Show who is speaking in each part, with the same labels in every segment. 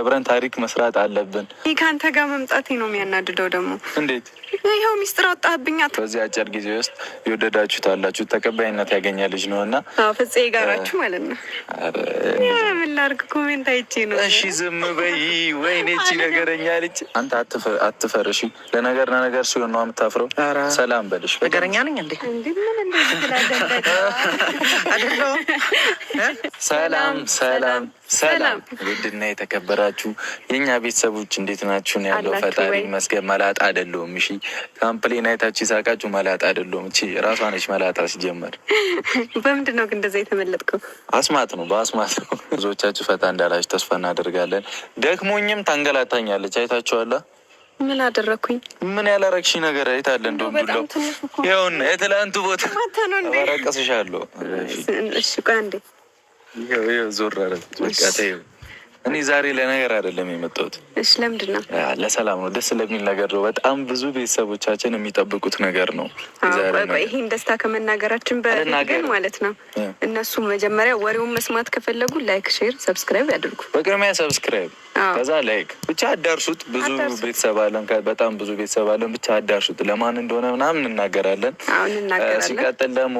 Speaker 1: አብረን ታሪክ መስራት አለብን።
Speaker 2: ይህ ከአንተ ጋር መምጣቴ ነው የሚያናድደው። ደግሞ እንዴት ይኸው ሚስጥር አወጣብኛት።
Speaker 1: በዚህ አጭር ጊዜ ውስጥ የወደዳችሁት አላችሁ ተቀባይነት ያገኘ ልጅ ነው እና
Speaker 2: ፍጽ ጋራችሁ ማለት ነው። ምን ላድርግ? ኮሜንት አይቼ
Speaker 1: ነው። እሺ ዝም በይ። ወይኔ ቺ ነገረኛ ልጅ። አንተ አትፈርሽ። ለነገር ለነገር ሲሆን ነው የምታፍረው። ሰላም በልሽ።
Speaker 2: ነገረኛ ነኝ እንዴ?
Speaker 1: ሰላም ሰላም ሰላም ውድና የተከበራችሁ የእኛ ቤተሰቦች እንዴት ናችሁ? ነው ያለው። ፈጣሪ ይመስገን። መላጣ አይደለሁም። እሺ ካምፕሌን አይታችሁ የሳቃችሁ መላጣ አይደለሁም። እቺ ራሷ ነች መላጣ። ሲጀመር
Speaker 2: በምንድን ነው ግን እንደዛ የተመለጥከው?
Speaker 1: አስማት ነው፣ በአስማት ነው። ብዙዎቻችሁ ፈታ እንዳላችሁ ተስፋ እናደርጋለን። ደክሞኝም ታንገላታኛለች። አይታችኋለ
Speaker 2: ምን አደረግኩኝ?
Speaker 1: ምን ያላረግሽ ነገር አይታለ እንደውም ብለው ይሁን የትላንቱ ቦታ ረቀስሻለሁ። እሺ ቆይ አንዴ እኔ ዛሬ ለነገር አይደለም የመጣሁት።
Speaker 2: እሺ ለምንድን ነው?
Speaker 1: ለሰላም ነው፣ ደስ ለሚል ነገር ነው። በጣም ብዙ ቤተሰቦቻችን የሚጠብቁት ነገር ነው።
Speaker 2: ይሄን ደስታ ከመናገራችን በግን ማለት ነው። እነሱ መጀመሪያ ወሬውን መስማት ከፈለጉ ላይክ፣ ሼር፣ ሰብስክራይብ ያድርጉ።
Speaker 1: በቅድሚያ ሰብስክራይብ፣ ከዛ ላይክ። ብቻ አዳርሱት። ብዙ ቤተሰብ አለን፣ በጣም ብዙ ቤተሰብ አለን። ብቻ አዳርሱት። ለማን እንደሆነ ምናምን እንናገራለን። ሲቀጥል ደግሞ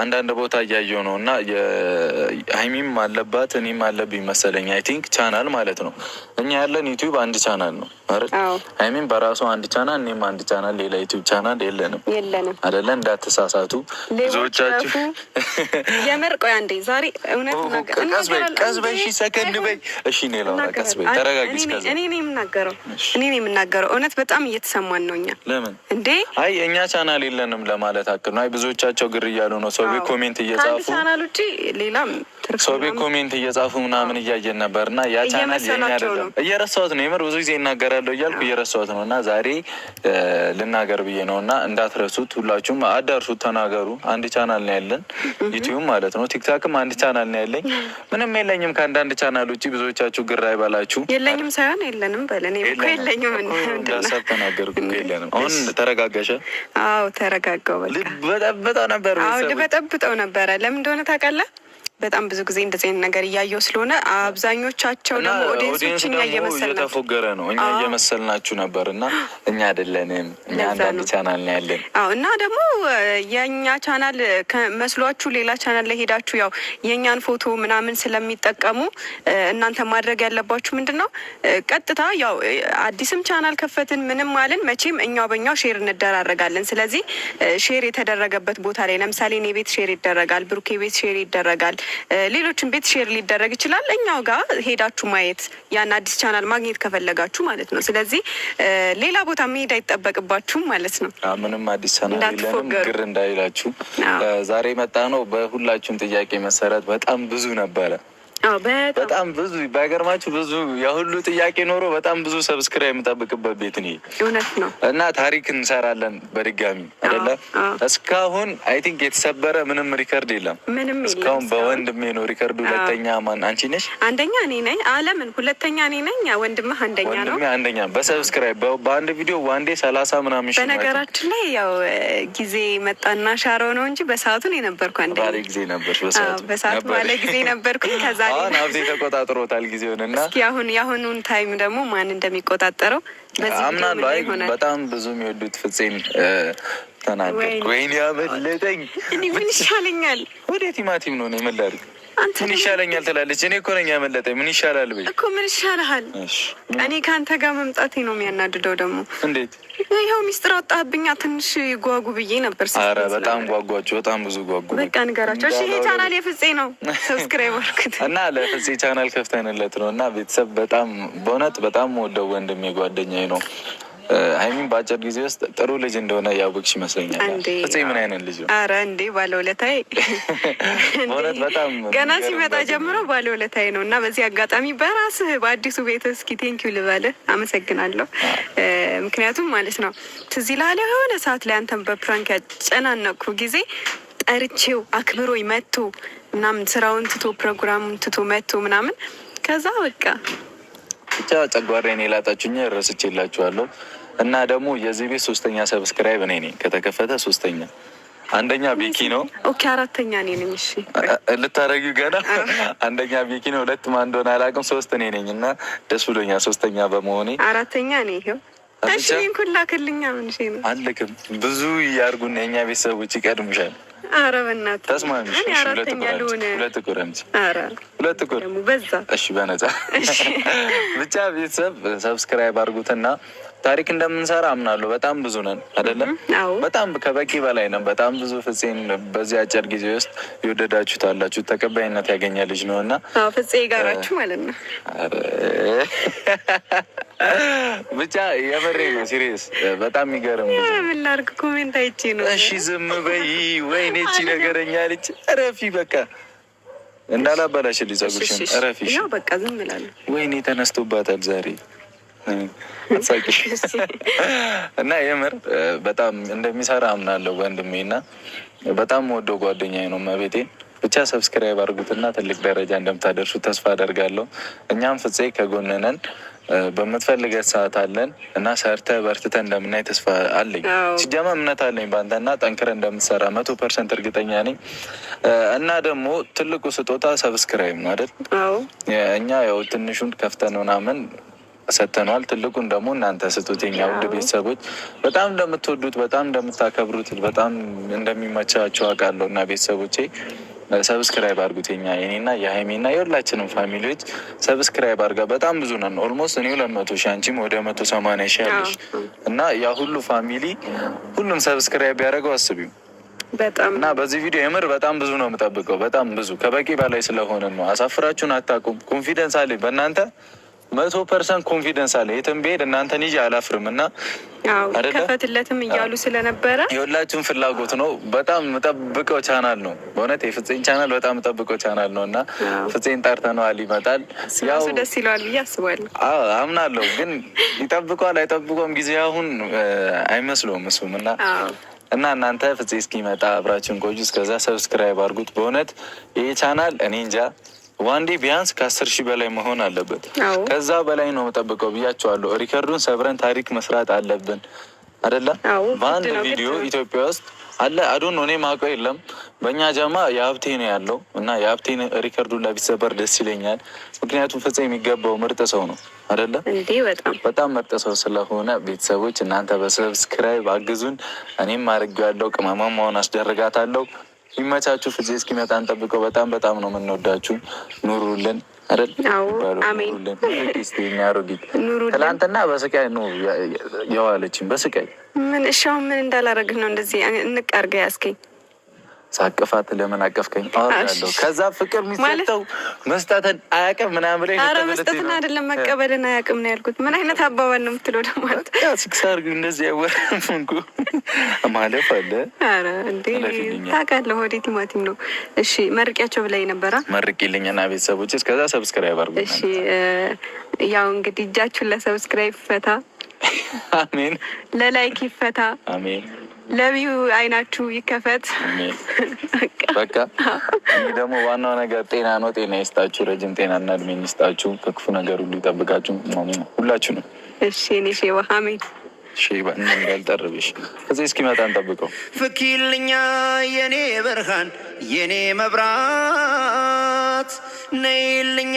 Speaker 1: አንዳንድ ቦታ እያየው ነው እና ሀይሚም አለባት እኔም አለብኝ መሰለኝ። አይ ቲንክ ቻናል ማለት ነው እኛ ያለን ዩቲዩብ አንድ ቻናል ነው አይደል? ሀይሚም በራሱ አንድ ቻናል፣ እኔም አንድ ቻናል፣ ሌላ ዩቲዩብ ቻናል የለንም የለንም አይደለ? እንዳትሳሳቱ ብዙዎቻችሁ።
Speaker 2: የምር ቆይ አንዴ ዛሬ እውነት
Speaker 1: ቀስ በይ እሺ፣ ሰከንድ በይ እሺ፣ እኔ ለሆነ ቀስ በይ ተረጋጊ።
Speaker 2: እኔ ነው የምናገረው እኔ ነው የምናገረው። እውነት በጣም እየተሰማን ነው እኛ ለምን እንዴ።
Speaker 1: አይ እኛ ቻናል የለንም ለማለት አክል ነው። አይ ብዙዎቻቸው ግርያ እያሉ ነው ሰው ኮሜንት
Speaker 2: እየጻፉ ሌላም
Speaker 1: ሰው ቤት ኮሜንት እየጻፉ ምናምን እያየን ነበር እና ያ ቻናል የኛ አይደለም። እየረሳሁት ነው የምር ብዙ ጊዜ እናገራለሁ እያልኩ እየረሳሁት ነው እና ዛሬ ልናገር ብዬ ነው እና እንዳትረሱት፣ ሁላችሁም አዳርሱት፣ ተናገሩ። አንድ ቻናል ነው ያለን ዩቲዩብ ማለት ነው። ቲክታክም አንድ ቻናል ነው ያለኝ። ምንም የለኝም ከአንዳንድ ቻናል ውጭ። ብዙዎቻችሁ ግራ አይባላችሁ።
Speaker 2: የለኝም ሳይሆን የለንም በለን የለኝም
Speaker 1: እንዳሰብ ተናገርኩ የለንም። አሁን ተረጋጋሸ?
Speaker 2: አዎ ተረጋጋው።
Speaker 1: በቃ ልበጠብጠው ነበር።
Speaker 2: አዎ ልበጠብጠው ነበረ። ለምን እንደሆነ ታውቃለህ? በጣም ብዙ ጊዜ እንደዚህ አይነት ነገር እያየው ስለሆነ አብዛኞቻቸው
Speaker 1: ደግሞ ኦዲየንሶች እኛ እየተፎገረ ነው እኛ እየመሰልናችሁ ነበር እና እኛ አይደለንም እኛ አንዳንድ ቻናል ያለን።
Speaker 2: አዎ እና ደግሞ የእኛ ቻናል መስሏችሁ ሌላ ቻናል ላይ ሄዳችሁ ያው የእኛን ፎቶ ምናምን ስለሚጠቀሙ እናንተ ማድረግ ያለባችሁ ምንድን ነው ቀጥታ ያው አዲስም ቻናል ከፈትን ምንም አልን መቼም እኛው በኛው ሼር እንደራረጋለን። ስለዚህ ሼር የተደረገበት ቦታ ላይ ለምሳሌ እኔ ቤት ሼር ይደረጋል፣ ብሩኬ ቤት ሼር ይደረጋል ሌሎችን ቤት ሼር ሊደረግ ይችላል። እኛው ጋር ሄዳችሁ ማየት ያን አዲስ ቻናል ማግኘት ከፈለጋችሁ ማለት ነው። ስለዚህ ሌላ ቦታ መሄድ አይጠበቅባችሁም ማለት ነው።
Speaker 1: ምንም አዲስ ቻናል ግር እንዳይላችሁ። ዛሬ መጣ ነው በሁላችሁም ጥያቄ መሰረት በጣም ብዙ ነበረ በጣም ብዙ ባይገርማችሁ ብዙ የሁሉ ጥያቄ ኖሮ በጣም ብዙ ሰብስክራይብ የምጠብቅበት ቤት ነው። እውነት ነው። እና ታሪክ እንሰራለን በድጋሚ አይደለ? እስካሁን አይ ቲንክ የተሰበረ ምንም ሪከርድ የለም። ምንም እስካሁን በወንድሜ ነው ሪከርድ። ሁለተኛ ማን አንቺ ነሽ?
Speaker 2: አንደኛ እኔ ነኝ። አለምን ሁለተኛ እኔ ነኝ። ወንድምህ አንደኛ
Speaker 1: ነው። ወንድሜ አንደኛ በሰብስክራይብ በአንድ ቪዲዮ ዋንዴ ሰላሳ ምናምን
Speaker 2: በነገራችን ላይ ያው ጊዜ መጣና ሻረው ነው እንጂ በሰዓቱ ነው የነበርኩ።
Speaker 1: አንደኛ ጊዜ ነበር
Speaker 2: በሰዓቱ ባለ ጊዜ ነበርኩኝ ከዛ አሁን
Speaker 1: ሀብቴ ተቆጣጥሮታል ጊዜውን እና እስኪ
Speaker 2: አሁን የአሁኑን ታይም ደግሞ ማን እንደሚቆጣጠረው
Speaker 1: አምናለሁ። አይ በጣም ብዙ የሚወዱት ፍፄን ተናገር ወይኔ ያመለጠኝ
Speaker 2: እኔ ምን ይሻለኛል
Speaker 1: ወደ ቲማቲም ነው ነው የምላል ምን ይሻለኛል ትላለች። እኔ እኮ ነኝ ያመለጠኝ። ምን ይሻላል ብዬ
Speaker 2: እኮ ምን ይሻልሃል? እኔ ከአንተ ጋር መምጣቴ ነው የሚያናድደው። ደግሞ እንዴት ይኸው ሚስጥር አወጣብኛ። ትንሽ ጓጉ ብዬ ነበር።
Speaker 1: ኧረ በጣም ጓጓቸው። በጣም ብዙ ጓጉ።
Speaker 2: በቃ ንገራቸው እሺ። ይሄ ቻናል የፍፄ ነው። ሰብስክራይብ አልኩት
Speaker 1: እና ለፍፄ ቻናል ከፍተንለት ነው እና ቤተሰብ በጣም በእውነት በጣም ወደው ወንድሜ ጓደኛዬ ነው ሀይሚን በአጭር ጊዜ ውስጥ ጥሩ ልጅ እንደሆነ ያወቅሽ ይመስለኛል። እጽ ምን አይነት ልጅ
Speaker 2: አረ እንዴ ባለውለታይ፣
Speaker 1: በእውነት በጣም
Speaker 2: ገና ሲመጣ ጀምሮ ባለውለታይ ነው እና በዚህ አጋጣሚ በራስህ በአዲሱ ቤት እስኪ ቴንኪው ልበልህ፣ አመሰግናለሁ። ምክንያቱም ማለት ነው ትዝ ይልሃል የሆነ ሰዓት ላይ አንተን በፕራንክ ያጨናነቅኩ ጊዜ ጠርቼው አክብሮኝ መጥቶ ምናምን ስራውን ትቶ ፕሮግራሙን ትቶ መጥቶ ምናምን ከዛ በቃ
Speaker 1: ብቻ ጨጓራዬን የላጣችሁኝ ረስቼላችኋለሁ። እና ደግሞ የዚህ ቤት ሶስተኛ ሰብስክራይብ እኔ ነኝ። ከተከፈተ ሶስተኛ አንደኛ ቤኪ ነው።
Speaker 2: ኦኬ አራተኛ እኔ ነኝ። እሺ
Speaker 1: ልታረጊው ገና። አንደኛ ቤኪ ነው፣ ሁለት ማን እንደሆነ አላውቅም፣ ሶስት እኔ ነኝ። እና ደስ ብሎኛ ሶስተኛ በመሆኔ።
Speaker 2: አራተኛ እኔ ይሄው ተሽኝን ኩላ ክልኛ ምንሽ ነው
Speaker 1: አልክም። ብዙ ያርጉና የእኛ ቤተሰቦች ይቀድሙሻል።
Speaker 2: ኧረ በእናትህ
Speaker 1: ሁለት ቁር ሁለት ቁር በዛ። እሺ ብቻ ቤተሰብ ሰብስክራይብ አድርጉትና ታሪክ እንደምንሰራ አምናለሁ። በጣም ብዙ ነን አይደለም? በጣም ከበቂ በላይ ነው። በጣም ብዙ ፍፄን በዚህ አጭር ጊዜ ውስጥ የወደዳችሁት አላችሁ፣ ተቀባይነት ያገኘ ልጅ ነው እና
Speaker 2: ፍፄ ጋራችሁ ማለት ነው።
Speaker 1: ብቻ የበሬ ነው። ሲሪየስ በጣም የሚገርም
Speaker 2: ምን ኮሜንት አይቼ ነው።
Speaker 1: እሺ ዝም በይ። ወይኔ እቺ ነገረኛ ልጅ ረፊ በቃ እንዳላበላሽ ልጸጉሽን እረፊ።
Speaker 2: በቃ ዝም ብላለሁ።
Speaker 1: ወይኔ ተነስቶባታል ዛሬ ሳቂ እና የምር በጣም እንደሚሰራ አምናለሁ ወንድሜ እና በጣም ወደው ጓደኛዬ ነው መቤቴ ብቻ ሰብስክራይብ አድርጉትና ትልቅ ደረጃ እንደምታደርሱ ተስፋ አደርጋለሁ። እኛም ፍፄ ከጎንነን በምትፈልገት ሰዓት አለን እና ሰርተ በርትተ እንደምናይ ተስፋ አለኝ። ሲጀማ እምነት አለኝ በአንተና ጠንክረ እንደምትሰራ መቶ ፐርሰንት እርግጠኛ ነኝ። እና ደግሞ ትልቁ ስጦታ ሰብስክራይብ ነው አይደል? እኛ ያው ትንሹን ከፍተን ምናምን ሰጥተነዋል። ትልቁን ደግሞ እናንተ ስጡት። የኛ ውድ ቤተሰቦች በጣም እንደምትወዱት፣ በጣም እንደምታከብሩት፣ በጣም እንደሚመቻቸው አውቃለሁ እና ቤተሰቦቼ ሰብስክራይብ አድርጉት። የኛ የኔና የሀይሜና የሁላችንም ፋሚሊዎች ሰብስክራይብ አድርጋ በጣም ብዙ ነን። ኦልሞስት እኔ ሁለት መቶ ሺ አንቺም ወደ መቶ ሰማንያ ሺ ያለሽ እና ያ ሁሉ ፋሚሊ ሁሉም ሰብስክራይብ ያደረገው አስቢው በጣም እና በዚህ ቪዲዮ የምር በጣም ብዙ ነው የምጠብቀው። በጣም ብዙ ከበቂ በላይ ስለሆነ ነው። አሳፍራችሁን አታውቁም። ኮንፊደንስ አለኝ በእናንተ መቶ ፐርሰንት ኮንፊደንስ አለ። የትም ብሄድ እናንተን ይዤ አላፍርም እና
Speaker 2: ከፈትለትም እያሉ ስለነበረ
Speaker 1: የሁላችሁም ፍላጎት ነው። በጣም የምጠብቀው ቻናል ነው። በእውነት የፍፄን ቻናል በጣም የምጠብቀው ቻናል ነው እና ፍፄን ጠርተነዋል፣ ይመጣል።
Speaker 2: ስለሱ ደስ ይለዋል ብዬ አስባለሁ፣
Speaker 1: አምናለሁ። ግን ይጠብቀዋል አይጠብቀውም ጊዜ አሁን አይመስለውም እሱም እና እና እናንተ ፍፄ እስኪመጣ አብራችን ቆዩ። እስከዛ ሰብስክራይብ አድርጉት። በእውነት ይህ ቻናል እኔ እንጃ ዋንዴ ቢያንስ ከአስር ሺህ በላይ መሆን አለበት። ከዛ በላይ ነው የምጠብቀው ብያቸዋለሁ። ሪከርዱን ሰብረን ታሪክ መስራት አለብን አደላ በአንድ ቪዲዮ ኢትዮጵያ ውስጥ አለ አዶን እኔ ማውቀው የለም። በእኛ ጀማ የሀብቴ ነው ያለው እና የሀብቴን ሪከርዱን ላይ ደስ ይለኛል። ምክንያቱም ፍፄ የሚገባው ምርጥ ሰው ነው አደለ? በጣም ምርጥ ሰው ስለሆነ ቤተሰቦች እናንተ በሰብስክራይብ አግዙን። እኔም አድርጌ ያለው ቅመማ መሆን አስደርጋታለሁ። ይመቻችሁ። ፍፄ እስኪመጣ እንጠብቀው። በጣም በጣም ነው የምንወዳችሁ። ኑሩልን ትላንትና በስቃይ ነው የዋለችን። በስቃይ
Speaker 2: ምን እሻውን ምን እንዳላረግህ ነው እንደዚህ እንቃርገ ያስገኝ
Speaker 1: ሳቅፋት ለምን አቀፍከኝ? አወራለሁ። ከዛ ፍቅር የሚሰጠው መስጠትን አያውቅም ምናምን ላይ
Speaker 2: ኧረ መስጠትን አይደለም መቀበልን አያውቅም ነው ያልኩት። ምን አይነት አባባል ነው የምትለው? ደግሞ
Speaker 1: ስክስ አድርግ እንደዚህ አይወራም እንኳ ማለፍ አለ።
Speaker 2: ኧረ እንዴ ታውቃለህ፣ ሆዴ ቲማቲም ነው። እሺ መርቂያቸው ብላኝ ነበረ።
Speaker 1: መርቂልኝ እና ቤተሰቦች እስከዛ ሰብስክራይብ አርጉ።
Speaker 2: እሺ ያው እንግዲህ እጃችሁን ለሰብስክራይብ ፈታ።
Speaker 1: አሜን።
Speaker 2: ለላይክ ይፈታ። አሜን ለቢዩ አይናችሁ ይከፈት።
Speaker 1: በቃ ይህ ደግሞ ዋናው ነገር ጤና ነው። ጤና ይስጣችሁ፣ ረጅም ጤና ጤናና እድሜ ይስጣችሁ፣ ከክፉ ነገር ሁሉ ይጠብቃችሁ ሁላችሁ ነው።
Speaker 2: እሺ እኔ ሼባ ሀሜድ
Speaker 1: ሼባ እዚህ እስኪመጣ እንጠብቀው። ፍኪልኛ የኔ ብርሃን የኔ መብራት ኩራት ነይልኛ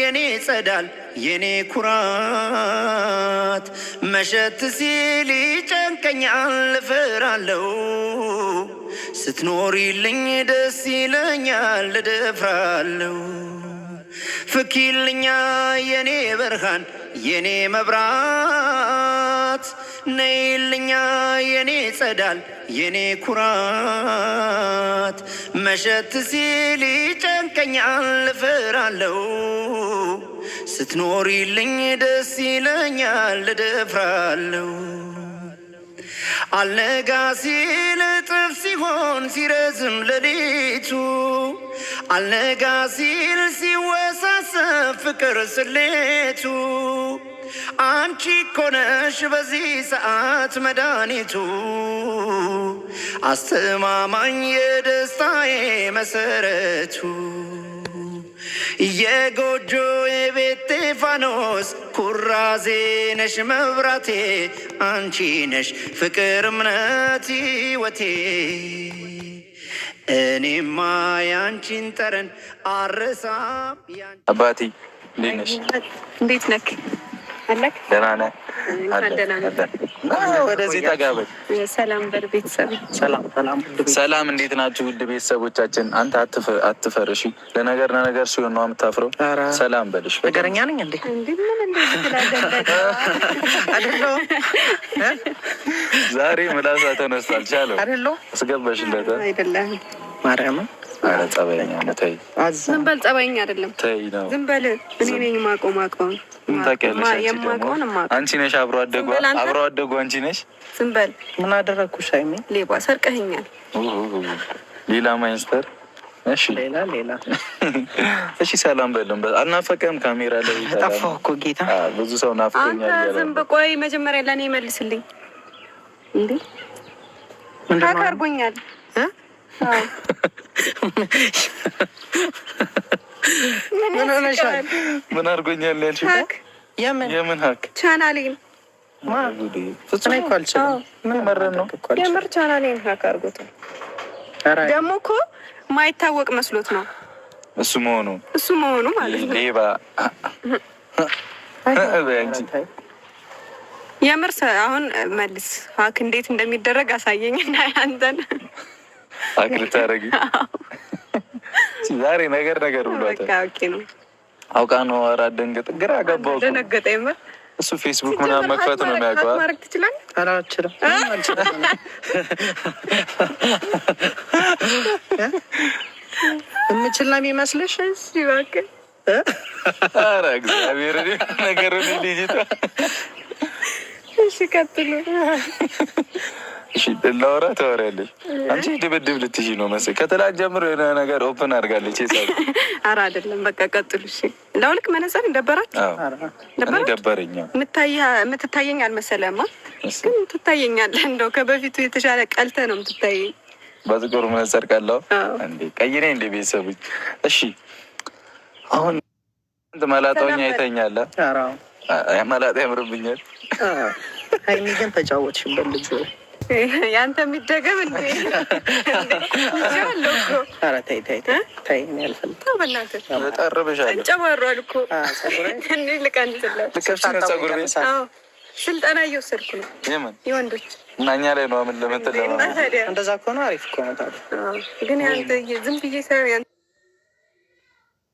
Speaker 1: የኔ ጸዳል የኔ ኩራት መሸት ሲል ይጨንቀኛል ፍራለው ስትኖሪልኝ ደስ ይለኛል ልደፍራለው ፍኪልኛ የኔ በርሃን የኔ መብራት ነይልኛ የኔ ጸዳል የኔ ኩራት መግባት መሸት ሲል ጨንቀኛል፣ ልፈራለው ስትኖሪልኝ ደስ ይለኛል፣ ልደፍራለው አልነጋ ሲል እጥፍ ሲሆን ሲረዝም ሌሊቱ አልነጋ ሲል ሲወሳሰብ ፍቅር ስሌቱ አንቺ ኮነሽ በዚህ ሰዓት መድኃኒቱ አስተማማኝ የደስታዬ መሰረቱ የጎጆ የቤቴ ፋኖስ ኩራዜ ነሽ መብራቴ አንቺ ነሽ ፍቅር እምነት ሕይወቴ እኔማ ያንቺን ጠረን አረሳም። አባቴ እንዴት ነሽ?
Speaker 2: እንዴት ነክ ሰላም በል
Speaker 1: እንዴት ናችሁ? ውድ ቤተሰቦቻችን። አንተ አትፈርሽ። ለነገር ለነገር ሲሆን ነው የምታፍረው። ሰላም በልሽ።
Speaker 2: ነገረኛ ነኝ እንዴ?
Speaker 1: ዛሬ ምላሳ ተነስቷል። ቻለው አስገባሽለት
Speaker 2: አይደለም ማርያም
Speaker 1: ጸባይኛ ታይ
Speaker 2: ዝም በል። ጸባይኛ አይደለም ታይ ነው። ዝም በል። እኔ ነኝ የማውቀው ማውቀው ምን ታውቂያለሽ? የማውቀውን
Speaker 1: አንቺ ነሽ። አብሮ አደጉ አብሮ አደጉ አንቺ ነሽ። ዝም በል። ምን አደረግኩሽ? ሀይሚ
Speaker 2: ሌባ ሰርቀኸኛል።
Speaker 1: ሌላ ማይንስተር እሺ ሌላ ሌላ እሺ፣ ሰላም በለም። አልናፈቀም? ካሜራ ላይ
Speaker 2: ጠፋሁ እኮ ጌታ። ብዙ ሰው ናፍቀኛል። አንተ ዝም ብቆይ፣ መጀመሪያ ለእኔ መልስልኝ። እንዴ ሀክ አድርጎኛል ምን ሆነሻል?
Speaker 1: ምን አድርጎኛል ያልሽው? የምን ሀክ
Speaker 2: ቻናሌን ፍጹም እኮ አልችልም። ምን መረን ነው የምር ቻናሌን ሀክ አድርጎታል። ደግሞ እኮ ማይታወቅ መስሎት ነው እሱ መሆኑ እሱ መሆኑ
Speaker 1: ማለት ነው።
Speaker 2: የምር አሁን መልስ ሀክ እንዴት እንደሚደረግ አሳየኝ እና አንተን
Speaker 1: አክልት አረጊ ዛሬ ነገር ነገር
Speaker 2: ብሏታል።
Speaker 1: አውቃ ነው። አራ ደንገጥ ግራ ገባው። ደነገጠ። እሱ ፌስቡክ ምናምን
Speaker 2: መክፈት ነው የሚያውቀው። ማድረግ ትችላለህ?
Speaker 1: አልችልም።
Speaker 2: የምችል ነው የሚመስልሽ? እባክህ
Speaker 1: ኧረ እግዚአብሔር ነገሩን ልጅቷ
Speaker 2: እሺ ቀጥሉ።
Speaker 1: እሺ ላወራ ታወሪያለሽ። አንቺ ድብድብ ልትሺ ነው መሰለኝ። ከተላት ጀምሮ የሆነ ነገር ኦፕን አድርጋለች። የሳ
Speaker 2: ኧረ አይደለም በቃ ቀጥሉ። እሺ እንደው ልክ መነጽር
Speaker 1: ደበራችሁ ደበረኝ።
Speaker 2: የምትታየኝ አልመሰለማ፣ ግን ትታየኛለህ። እንደው ከበፊቱ የተሻለ ቀልተ ነው የምትታየኝ።
Speaker 1: በጥቁር መነጽር ቀለው እንዴ ቀይኔ እንደ ቤተሰቦች። እሺ አሁን መላጣውኛ አይተኛለ። መላጣ ያምርብኛል
Speaker 2: ሀይሚ ግን ተጫወትሽበት ልጁ ያንተ የሚደገም ስልጠና እየወሰድኩ ነው የወንዶች
Speaker 1: እና እኛ ላይ ነው ምን እንደዛ ከሆነ አሪፍ እኮ
Speaker 2: ግን ያንተ ዝም ብዬ